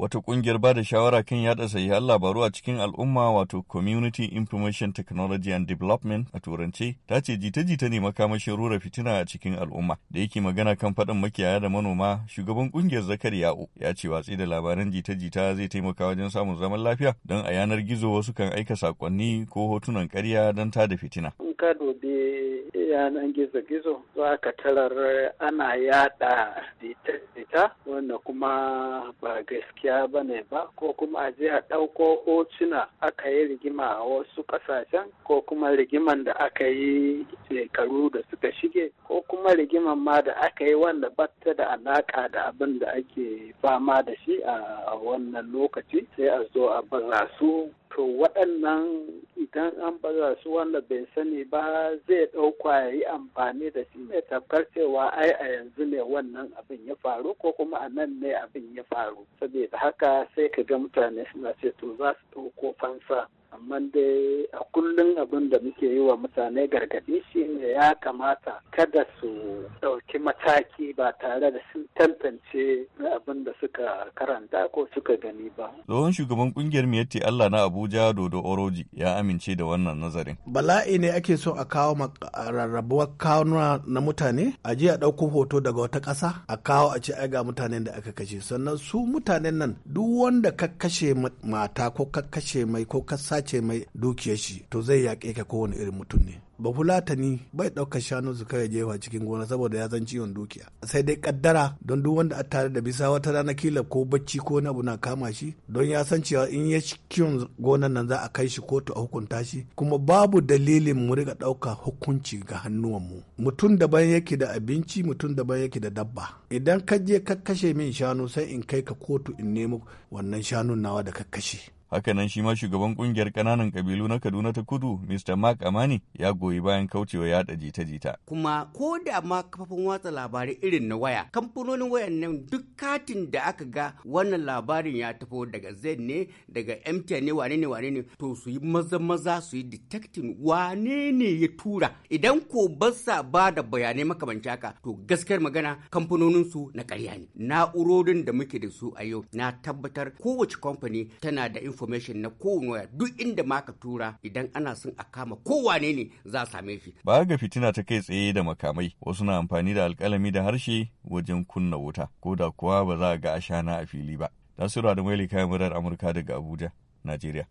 wata kungiyar ba da shawara kan yada sahihan labaru a cikin al'umma wato Community Information Technology and Development a turance ta ce jita-jita ne makamashin rura fitina a cikin al'umma da yake magana kan faɗin makiyaya da manoma shugaban kungiyar Zakar Ya'u ya ce watsi da labaran jita-jita zai taimaka wajen samun zaman lafiya don a yanar gizo wasu kan aika sakonni ko hotunan ƙarya don ta da fitina. In ka yanar gizo-gizo za ka tarar ana yada jita-jita wanda kuma ba gaskiya ba ne ba ko kuma a je a ɗauko hotuna aka yi rigima a wasu ƙasashen ko kuma rigiman da aka yi shekaru da suka shige ko kuma rigiman ma da aka yi wanda batta da alaƙa da abin da ake fama da shi a wannan lokaci sai a zo a bar su to waɗannan idan an baza su wanda bai sani ba zai ɗauka ya yi amfani da shi mai tabbar cewa ai a yanzu ne wannan abin ya faru ko kuma a nan ne abin ya faru saboda haka sai ka ga mutane suna ce to za su ɗauko fansa amma dai a kullum abin da muke yi wa mutane gargaɗi shi ne ya kamata kada su ɗauki mataki ba tare da sun tantance abin da suka karanta ko suka gani ba. Tsohon shugaban kungiyar Miyatti Allah na Abuja Dodo Oroji ya amince da wannan nazarin. Bala'i ne ake so a kawo rarrabuwar kawuna na mutane, a je a ɗauko hoto daga wata ƙasa, a kawo a ce ga mutanen da aka kashe. Sannan su mutanen nan duk wanda ka kashe mata ko ka kashe mai ko ka sace mai dukiyar shi to zai yaƙe ka kowane irin mutum ne. bafulatani bai ɗaukar shanu su kai jefa cikin gona saboda ya san ciwon dukiya sai dai kaddara don duk wanda a tare da bisa wata rana kila ko bacci ko na abu na kama shi don ya san cewa in ya kiwon gonan nan za a kai shi kotu a hukunta shi kuma babu dalilin mu riga ɗauka hukunci ga hannuwan mu. mutum daban yake da abinci mutum daban yake da dabba idan ka je ka kashe min shanu sai in kai ka kotu in nemo wannan shanun nawa da ka kashe Hakanan shi ma shugaban kungiyar ƙananan kabilu na Kaduna ta Kudu, Mr. Mark Amani, ya goyi bayan kaucewa yaɗa jita-jita. Kuma ko da ma kafafen watsa labarai irin na waya, kamfanonin wayan nan duk katin da aka ga wannan labarin ya tafi daga Z ne, daga MTN ne, wane ne, wane ne, to su yi maza-maza su yi detectin wane ne ya tura. Idan ko basa ba da bayanai makamanci haka, to gaskiyar magana kamfanonin su na ƙarya ne. Na'urorin da muke da su a yau na tabbatar kowace kamfani tana da information na kowane waya duk inda ma ka tura idan ana son a kama kowane ne za a same shi. Ba ga fitina ta kai tsaye da makamai wasu na amfani da alkalami da harshe wajen kunna wuta ko da kuwa ba za a ga ashana a fili ba. Nasiru Adamu Yali kayan murar Amurka daga Abuja, Najeriya.